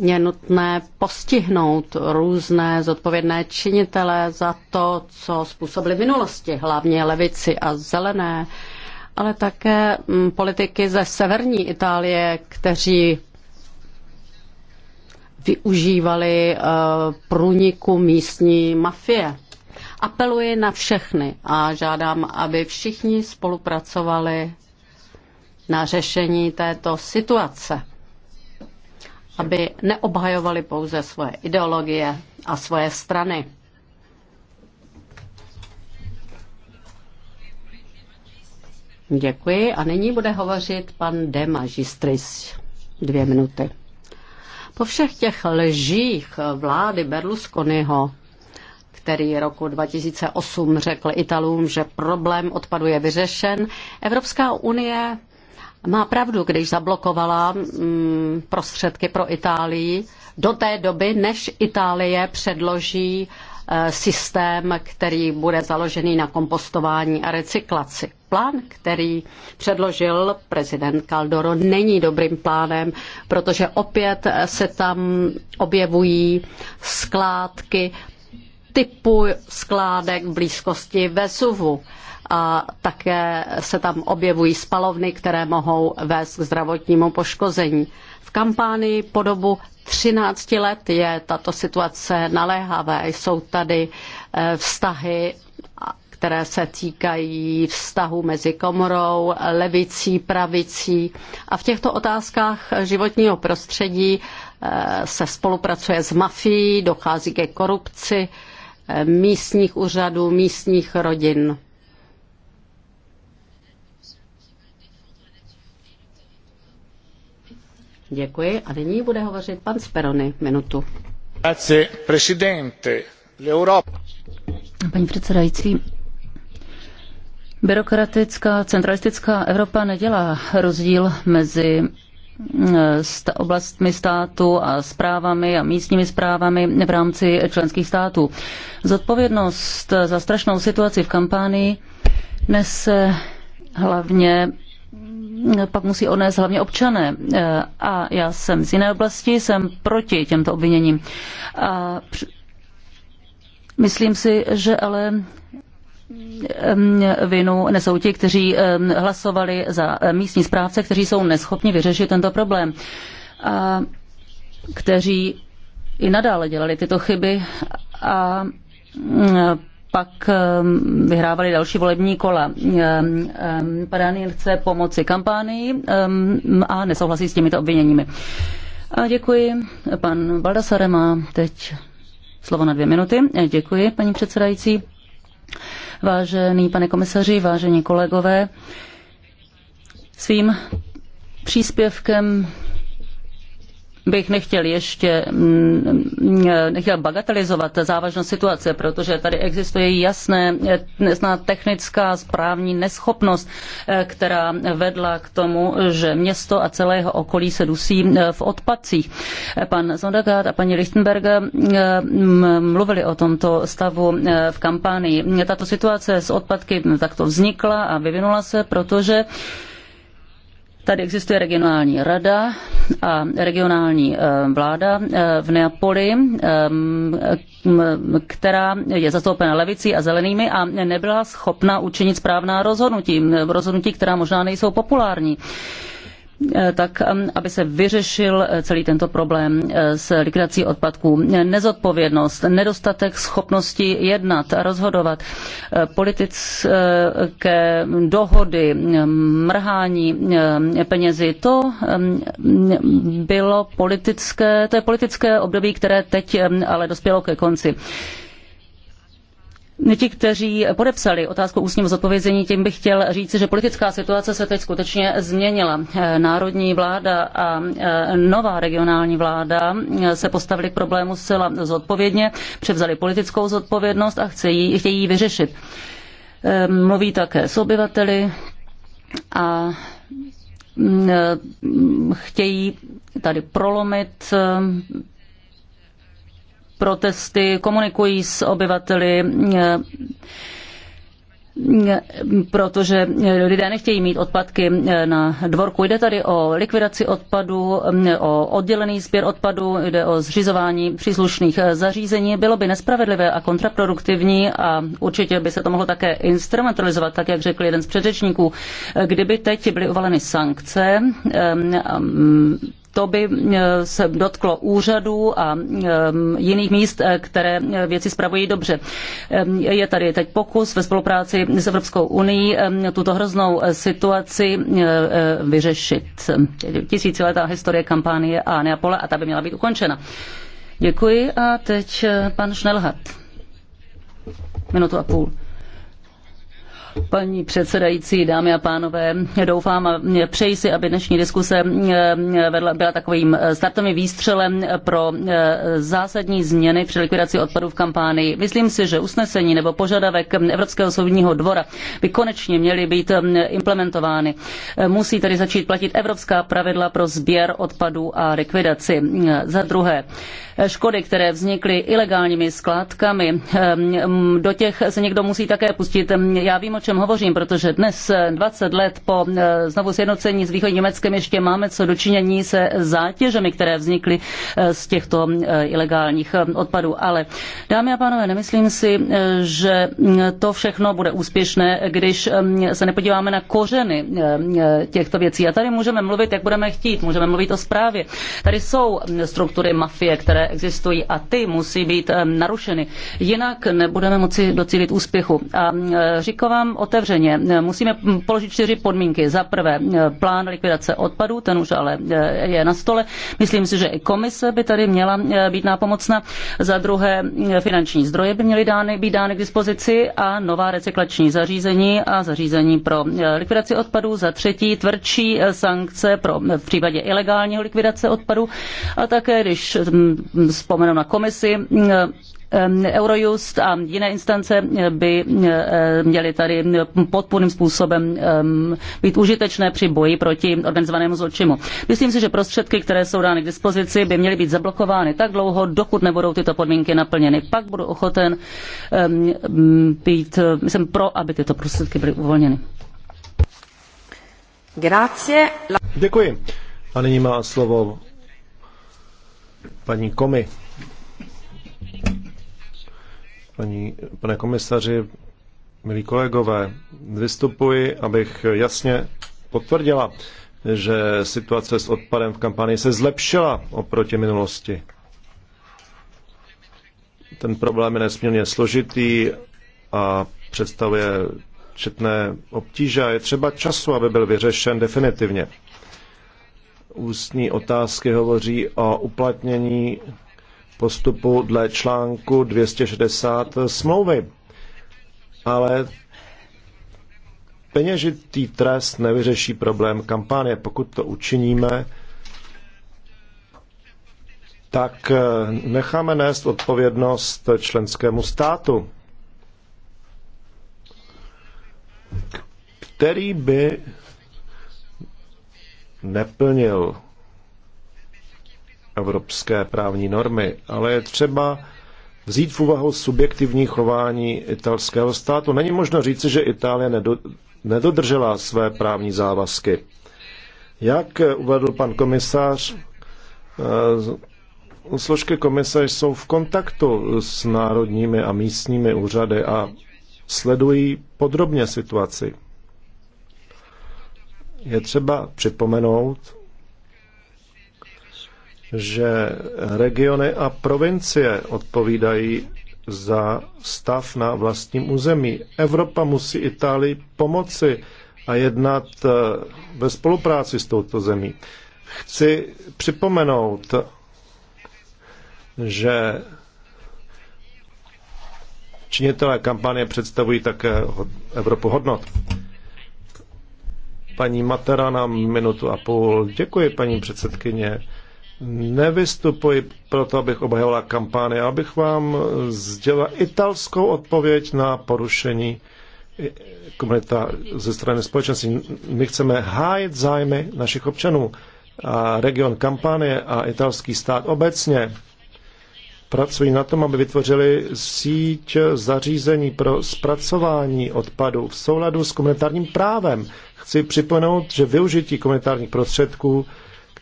je nutné postihnout různé zodpovědné činitele za to, co způsobili minulosti, hlavně levici a zelené, ale také mm, politiky ze severní Itálie, kteří využívali eh, průniku místní mafie. Apeluji na všechny a žádám, aby všichni spolupracovali na řešení této situace, aby neobhajovali pouze svoje ideologie a svoje strany. Děkuji a nyní bude hovořit pan de Magistris. Dvě minuty. Po všech těch lžích vlády Berlusconiho, který roku 2008 řekl Italům, že problém odpadu je vyřešen, Evropská unie má pravdu, když zablokovala mm, prostředky pro Itálii do té doby, než Itálie předloží uh, Eh, systém, který bude založený na kompostování a recyklaci. Plán, který předložil prezident Caldoro, není dobrým plánem, protože opět se tam objevují skládky typu skládek v blízkosti Vesuvu a také se tam objevují spalovny, které mohou vést k zdravotnímu poškození. V kampánii po dobu 13 let je tato situace naléhavé. Jsou tady eh, vztahy které se týkají vztahu mezi komorou, levicí, pravicí. A v těchto otázkách životního prostředí eh, se spolupracuje s mafií, dochází ke korupci eh, místních úřadů, místních rodin. Děkuji a nyní bude hovořit pan Sperony minutu. Paní předsedající, byrokratická centralistická Evropa nedělá rozdíl mezi eh, oblastmi státu a zprávami a místními zprávami v rámci členských států. Zodpovědnost za strašnou situaci v kampánii nese hlavně pak musí odnést hlavně občané. E, a já jsem z jiné oblasti, jsem proti těmto obviněním. A myslím si, že ale vinu nesou ti, kteří hlasovali za e, místní správce, kteří jsou neschopni vyřešit tento problém. A kteří i nadále dělali tyto chyby a pak ehm, vyhrávali další volební kola. Ehm, ehm, Padány chce pomoci kampánii a nesouhlasí s těmito obviněními. A děkuji. Pan Baldasare má teď slovo na dvě minuty. E, děkuji, paní předsedající. Vážený pane komisaři, vážení kolegové, svým příspěvkem bych nechtěl ještě mm, mm, nechtěl bagatelizovat závažnost situace, protože tady existuje jasné, jasná technická správní neschopnost, eh, která vedla k tomu, že město a celého okolí se dusí eh, v odpadcích. Eh, pan Zondagard a paní Lichtenberger mm, mluvili o tomto stavu v kampánii. Tato situace s odpadky no, takto vznikla a vyvinula se, protože Tady existuje regionální rada a regionální eh, vláda eh, v Neapoli, eh, která je zastoupena levicí a zelenými a nebyla schopna učinit správná rozhodnutí, rozhodnutí, která možná nejsou populární. Eh, tak aby se vyřešil eh, celý tento problém eh, s likvidací odpadků. Nezodpovědnost, nedostatek schopnosti jednat, rozhodovat, politické dohody, mrhání penězi, to bylo politické, to je politické období, které teď ale dospělo ke konci ti, kteří podepsali otázku ústního zodpovězení, tím bych chtěl říci, že politická situace se teď skutečně změnila. Národní vláda a e, nová regionální vláda e, se postavili k problému zcela zodpovědně, převzali politickou zodpovědnost a chtějí, chtějí ji vyřešit. E, mluví také s obyvateli a chtějí tady prolomit protesty, komunikují s obyvateli, protože lidé nechtějí mít odpadky na dvorku. Jde tady o likvidaci odpadu, o oddělený sběr odpadu, jde o zřizování příslušných zařízení. Bylo by nespravedlivé a kontraproduktivní a určitě by se to mohlo také instrumentalizovat, tak jak řekl jeden z předřečníků, kdyby teď byly uvaleny sankce to by eh, se dotklo úřadů a eh, jiných míst, eh, které věci spravují dobře. Je tady teď pokus ve spolupráci s Evropskou unii tuto hroznou situaci vyřešit. Tisíciletá historie kampánie a Neapole a ta by měla být ukončena. Děkuji a teď pan Šnelhat. Minutu a půl. Paní předsedající, dámy a pánové, doufám a přeji si, aby dnešní diskuse eh, byla takovým eh, startovým výstřelem pro eh, zásadní změny při likvidaci odpadů v kampánii. Myslím si, že usnesení nebo požadavek Evropského soudního dvora by konečně měly být implementovány. Musí tedy začít platit evropská pravidla pro sběr odpadů a likvidaci. Za druhé, škody, které vznikly ilegálními skládkami, do těch se někdo musí také pustit. Já vím, čem hovořím, protože dnes 20 eh, let po eh, znovu sjednocení s východním Německem ještě máme co dočinění se zátěžemi, které vznikly eh, z těchto ilegálních odpadů. Ale dámy a pánové, nemyslím si, že mm, to všechno bude úspěšné, když mm, se nepodíváme na kořeny těchto věcí. A tady můžeme mluvit, jak budeme chtít, můžeme mluvit o správě. Tady jsou mm, struktury mafie, které existují a ty musí být narušeny. Jinak nebudeme moci docílit úspěchu. A říkám vám, otevřeně, musíme položit čtyři podmínky. Za prvé, plán likvidace odpadů, ten už ale eh, je na stole. Myslím si, že i komise by tady měla eh, být nápomocna. Za druhé, eh, finanční zdroje by měly dány, být dány k dispozici a nová recyklační zařízení a zařízení pro likvidaci odpadů. Za třetí, tvrdší sankce pro v případě ilegálního likvidace odpadů a také, když hm, vzpomenu na komisi, hm, Ehm, Eurojust a jiné instance eh, by eh, měly tady eh, podpůrným způsobem ehm, být užitečné při boji proti organizovanému zločinu. Myslím si, že prostředky, které jsou dány k dispozici, by měly být zablokovány tak dlouho, dokud nebudou tyto podmínky naplněny. Pak budu ochoten ehm, být, jsem pro, aby tyto prostředky byly uvolněny. Grazie. Děkuji. A nyní má slovo paní Komi. Paní, pane komisaři, milí kolegové, vystupuji, abych jasně potvrdila, že situace s odpadem v kampani se zlepšila oproti minulosti. Ten problém je nesmírně složitý a představuje četné obtíže a je třeba času, aby byl vyřešen definitivně. Ústní otázky hovoří o uplatnění postupu dle článku 260 smlouvy. Ale peněžitý trest nevyřeší problém kampaně. Pokud to učiníme, tak necháme nést odpovědnost členskému státu, který by neplnil evropské právní normy, ale je třeba vzít v úvahu subjektivní chování italského státu. Není možno říci, že Itálie nedodržela své právní závazky. Jak uvedl pan komisář, eh, složky komise jsou v kontaktu s národními a místními úřady a sledují podrobně situaci. Je třeba připomenout, že regiony a provincie odpovídají za stav na vlastním území. Evropa musí Itálii pomoci a jednat eh, ve spolupráci s touto zemí. Chci připomenout, že činitelé kampaně představují také Evropu hodnot. Paní Matera na minutu a půl. Děkuji, paní předsedkyně. Nevystupuji proto, abych obhajovala kampány, abych vám sdělila italskou odpověď na porušení komunita ze strany společenství. My chceme hájit zájmy našich občanů. A region kampány a italský stát obecně pracují na tom, aby vytvořili síť zařízení pro zpracování odpadu v souladu s komunitárním právem. Chci připomenout, že využití komunitárních prostředků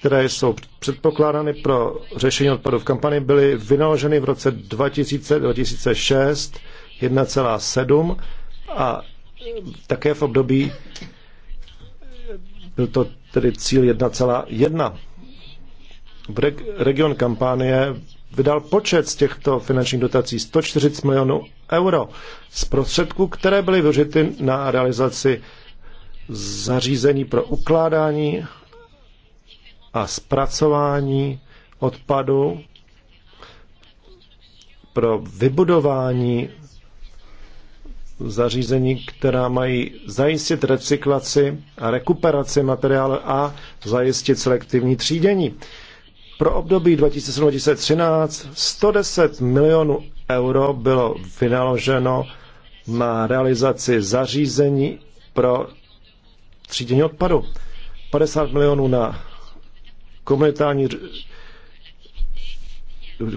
které jsou předpokládány pro řešení odpadů v kampani, byly vynaloženy v roce 2000-2006 1,7 a také v období byl to tedy cíl 1,1. Region kampánie vydal počet z těchto finančních dotací 140 milionů euro z prostředků, které byly využity na realizaci zařízení pro ukládání a zpracování odpadu pro vybudování zařízení, která mají zajistit recyklaci a rekuperaci materiálu a zajistit selektivní třídění. Pro období 2007-2013 110 milionů euro bylo vynaloženo na realizaci zařízení pro třídění odpadu, 50 milionů na komentální,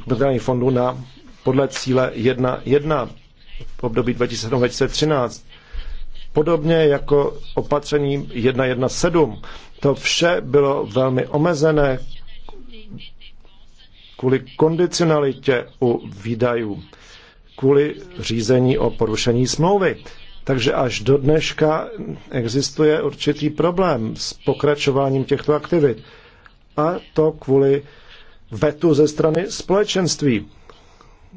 komentální fondu na podle cíle 1.1 v období 2007-2013. Podobně jako opatření 1.1.7. To vše bylo velmi omezené kvůli kondicionalitě u výdajů, kvůli řízení o porušení smlouvy. Takže až do dneška existuje určitý problém s pokračováním těchto aktivit a to kvůli vetu ze strany společenství.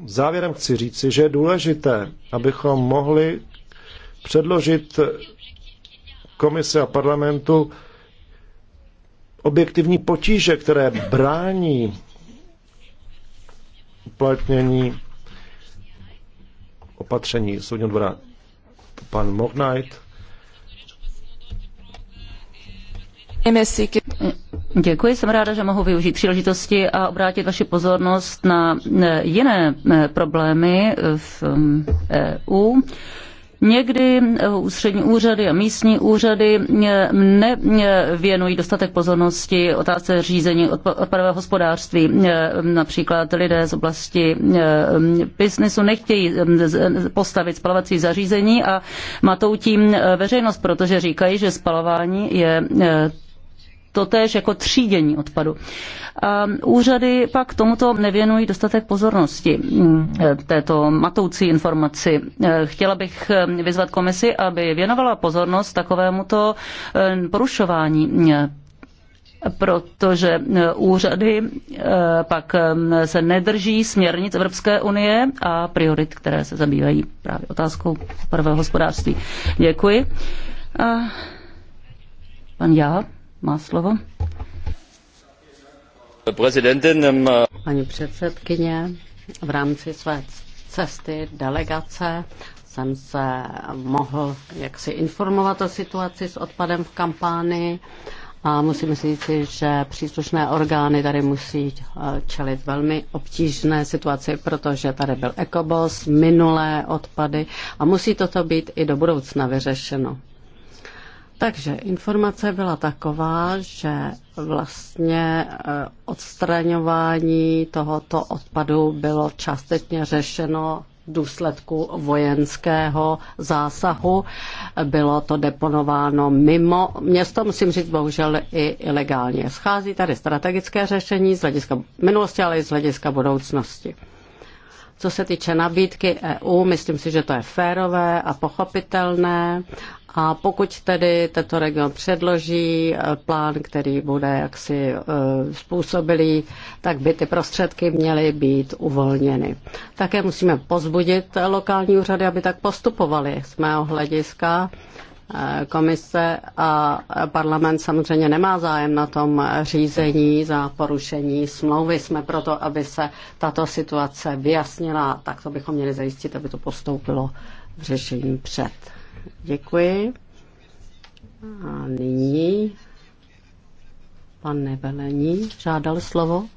Závěrem chci říci, že je důležité, abychom mohli předložit komise a parlamentu objektivní potíže, které brání uplatnění opatření soudního dvora. Pan Mognajt. Děkuji, jsem ráda, že mohu využít příležitosti a obrátit vaši pozornost na e, jiné e, problémy v EU. Někdy e, ústřední úřady a místní úřady nevěnují dostatek pozornosti otázce řízení odpadového hospodářství. Například lidé z oblasti biznesu nechtějí postavit spalovací zařízení a matou tím veřejnost, protože říkají, že spalování je totéž jako třídění odpadu. A ehm, úřady pak tomuto nevěnují dostatek pozornosti mm, eh, této matoucí informaci. Eh, chtěla bych ehm, vyzvat komisi, aby věnovala pozornost takovémuto ehm, porušování eh, protože úřady pak se nedrží směrnic Evropské unie a priorit, které se zabývají právě otázkou prvého hospodářství. Děkuji. A pan Já má slovo. Paní předsedkyně, v rámci své cesty delegace jsem se mohl jaksi informovat o situaci s odpadem v kampánii a musím říct, že příslušné orgány tady musí eh, čelit velmi obtížné situaci, protože tady byl ekobos, minulé odpady a musí toto být i do budoucna vyřešeno. Takže informace byla taková, že vlastně e, odstraňování tohoto odpadu bylo částečně řešeno v důsledku vojenského zásahu. Bylo to deponováno mimo město, musím říct bohužel i ilegálně. Schází tady strategické řešení z hlediska minulosti, ale i z hlediska budoucnosti. Co se týče nabídky EU, myslím si, že to je férové a pochopitelné a pokud tedy tento region předloží eh, plán, který bude jaksi eh, způsobilý, tak by ty prostředky měly být uvolněny. Také musíme pozbudit lokální úřady, aby tak postupovali z mého hlediska. Eh, komise a parlament samozřejmě nemá zájem na tom řízení za porušení smlouvy. Jsme proto, aby se tato situace vyjasnila, tak to bychom měli zajistit, aby to postoupilo v řešení před. Děkuji. A nyní pan Nevelení žádal slovo.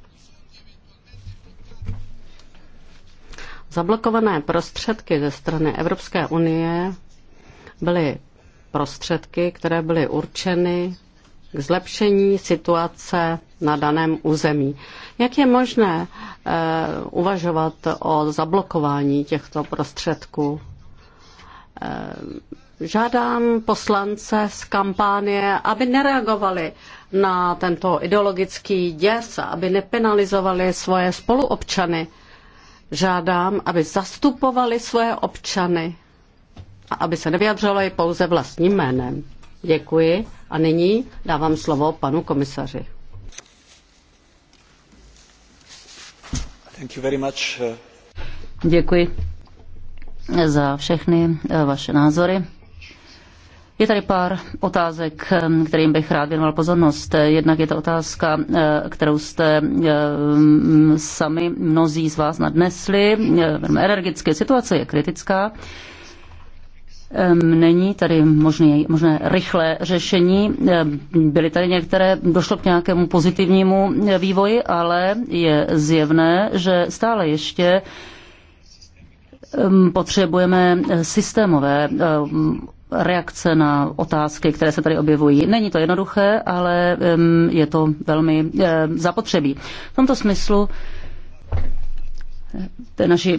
Zablokované prostředky ze strany Evropské unie byly prostředky, které byly určeny k zlepšení situace na daném území. Jak je možné eh, uvažovat o zablokování těchto prostředků? Eh, žádám poslance z kampánie, aby nereagovali na tento ideologický děs, aby nepenalizovali svoje spoluobčany. Žádám, aby zastupovali svoje občany a aby se nevyjadřovali pouze vlastním jménem. Děkuji a nyní dávám slovo panu komisaři. Eh. Děkuji za všechny eh, vaše názory. Je tady pár otázek, eh, kterým bych rád věnoval pozornost. Jednak je to otázka, eh, kterou jste mm, sami mnozí z vás nadnesli. Energetické situace je kritická. Ehm, není tady možný, možné rychlé řešení. Ehm, byly tady některé, došlo k nějakému pozitivnímu vývoji, ale je zjevné, že stále ještě Ehm, potřebujeme eh, systémové ehm, reakce na otázky, které se tady objevují. Není to jednoduché, ale ehm, je to velmi eh, zapotřebí. V tomto smyslu eh, naši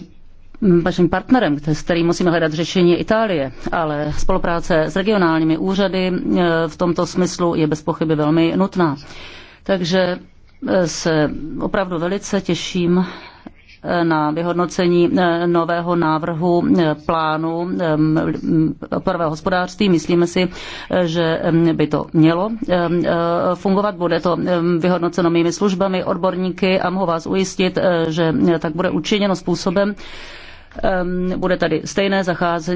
vaším hm, partnerem, s kterým musíme hledat řešení, je Itálie, ale spolupráce s regionálními úřady v tomto smyslu je bez pochyby velmi nutná. Takže se opravdu velice těším na vyhodnocení eh, nového návrhu eh, plánu eh, opravého hospodářství. Myslíme si, že by to mělo fungovat. Bude to vyhodnoceno mými službami, odborníky a mohu vás ujistit, že tak bude učiněno způsobem, bude tady stejné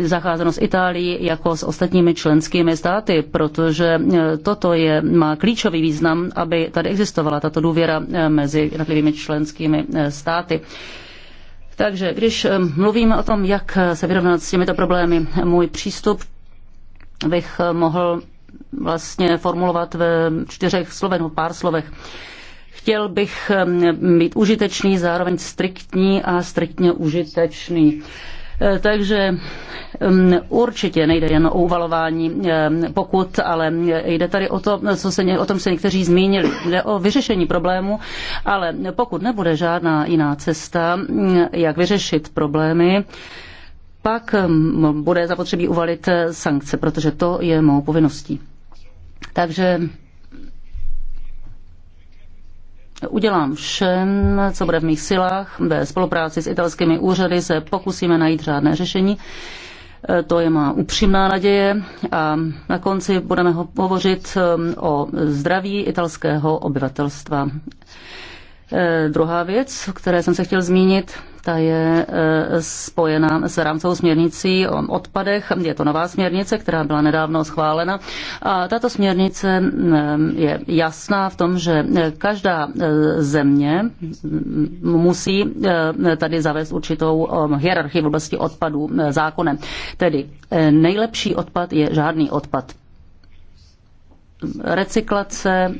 zacházeno s Itálií jako s ostatními členskými státy, protože eh, toto je, má klíčový význam, aby tady existovala tato důvěra eh, mezi jednotlivými členskými eh, státy. Takže když mluvíme o tom, jak se vyrovnat s těmito problémy, můj přístup bych mohl vlastně formulovat ve čtyřech slovech, pár slovech. Chtěl bych um, být užitečný, zároveň striktní a striktně užitečný. Eh, takže um, určitě nejde jen o uvalování eh, pokud, ale eh, jde tady o to, co se, o tom se někteří zmínili. Jde o vyřešení problému, ale pokud nebude žádná jiná cesta, mm, jak vyřešit problémy, pak mm, bude zapotřebí uvalit sankce, protože to je mou povinností. Takže Udělám všem, co bude v mých silách. Ve spolupráci s italskými úřady se pokusíme najít řádné řešení. E, to je má upřímná naděje a na konci budeme hovořit e, o zdraví italského obyvatelstva. Eh, druhá věc, o které jsem se chtěl zmínit, ta je eh, spojena s rámcovou směrnicí o odpadech. Je to nová směrnice, která byla nedávno schválena. A tato směrnice eh, je jasná v tom, že každá země mm, musí tady zavést určitou hierarchii v oblasti odpadů zákonem. Tedy nejlepší odpad je žádný odpad recyklace,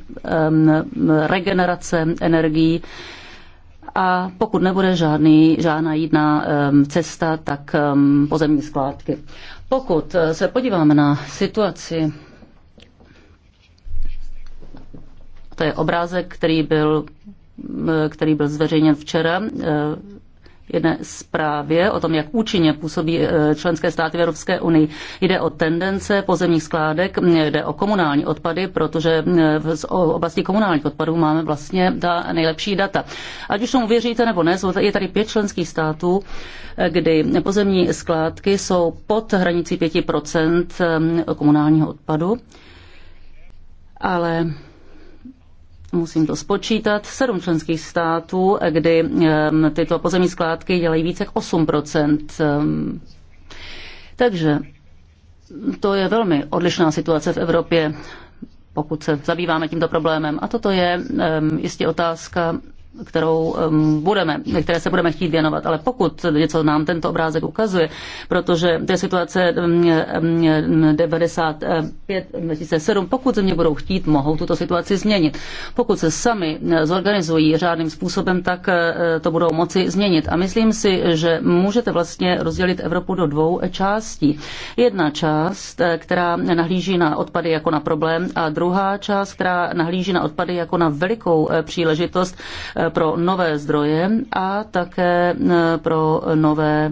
regenerace energií a pokud nebude žádný, žádná jídná cesta, tak pozemní skládky. Pokud se podíváme na situaci, to je obrázek, který byl, který byl zveřejněn včera jedné zprávě o tom, jak účinně působí e, členské státy v Evropské unii. Jde o tendence pozemních skládek, jde o komunální odpady, protože e, v oblasti komunálních odpadů máme vlastně ta nejlepší data. Ať už tomu věříte nebo ne, je tady pět členských států, e, kdy pozemní skládky jsou pod hranicí 5% komunálního odpadu, ale musím to spočítat, sedm členských států, kdy tyto pozemní skládky dělají více jak 8%. Takže to je velmi odlišná situace v Evropě, pokud se zabýváme tímto problémem. A toto je jistě otázka kterou budeme, které se budeme chtít věnovat. Ale pokud něco nám tento obrázek ukazuje, protože to je situace 95-2007, pokud země budou chtít, mohou tuto situaci změnit. Pokud se sami zorganizují řádným způsobem, tak e, to budou moci změnit. A myslím si, že můžete vlastně rozdělit Evropu do dvou částí. Jedna část, e, která nahlíží na odpady jako na problém a druhá část, která nahlíží na odpady jako na velikou e, příležitost pro nové zdroje a také eh, pro nové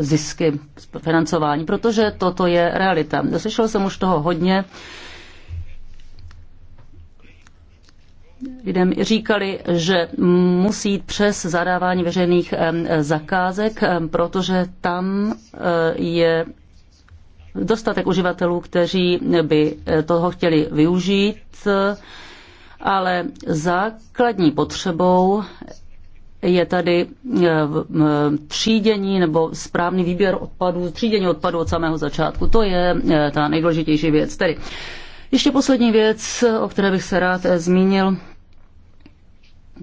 zisky financování, protože toto je realita. Slyšel jsem už toho hodně. lidem říkali, že musí jít přes zadávání veřejných eh, zakázek, eh, protože tam je dostatek uživatelů, kteří by toho chtěli využít ale základní potřebou je tady e, třídění nebo správný výběr odpadů, třídění odpadů od samého začátku. To je e, ta nejdůležitější věc. Tedy ještě poslední věc, o které bych se rád e, zmínil,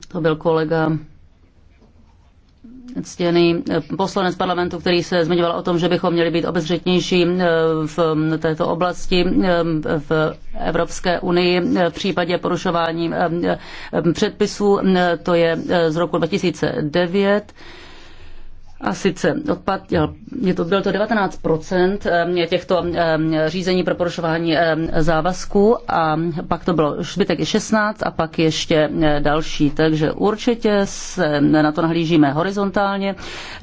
to byl kolega ctěný eh, poslanec parlamentu, který se zmiňoval o tom, že bychom měli být obezřetnější eh, v této oblasti eh, v Evropské unii v případě porušování předpisů. To je z roku 2009. A sice odpad, je to, bylo to 19 ehm, těchto ehm, řízení pro porušování ehm, závazků a pak to bylo zbytek je 16 a pak ještě eh, další. Takže určitě se na to nahlížíme horizontálně.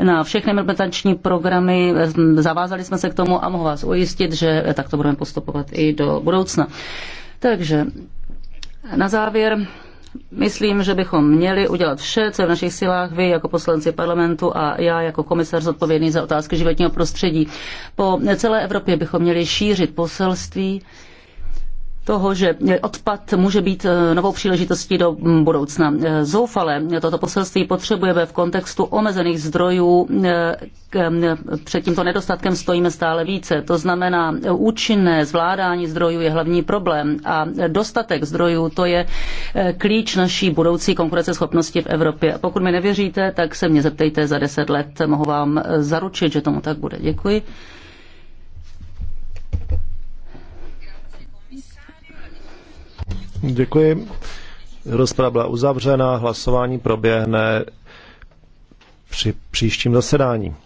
Na všechny implementační programy zavázali jsme se k tomu a mohu vás ujistit, že eh, takto budeme postupovat i do budoucna. Takže na závěr Myslím, že bychom měli udělat vše, co je v našich silách, vy jako poslanci parlamentu a já jako komisař zodpovědný za otázky životního prostředí. Po celé Evropě bychom měli šířit poselství, toho, že odpad může být eh, novou příležitostí do budoucna. Eh, zoufale toto poselství potřebujeme v kontextu omezených zdrojů. Eh, před tímto nedostatkem stojíme stále více. To znamená, účinné zvládání zdrojů je hlavní problém a dostatek zdrojů to je klíč naší budoucí konkurenceschopnosti v Evropě. A pokud mi nevěříte, tak se mě zeptejte za deset let. Mohu vám zaručit, že tomu tak bude. Děkuji. Děkuji. Rozprava byla uzavřena, hlasování proběhne při příštím zasedání.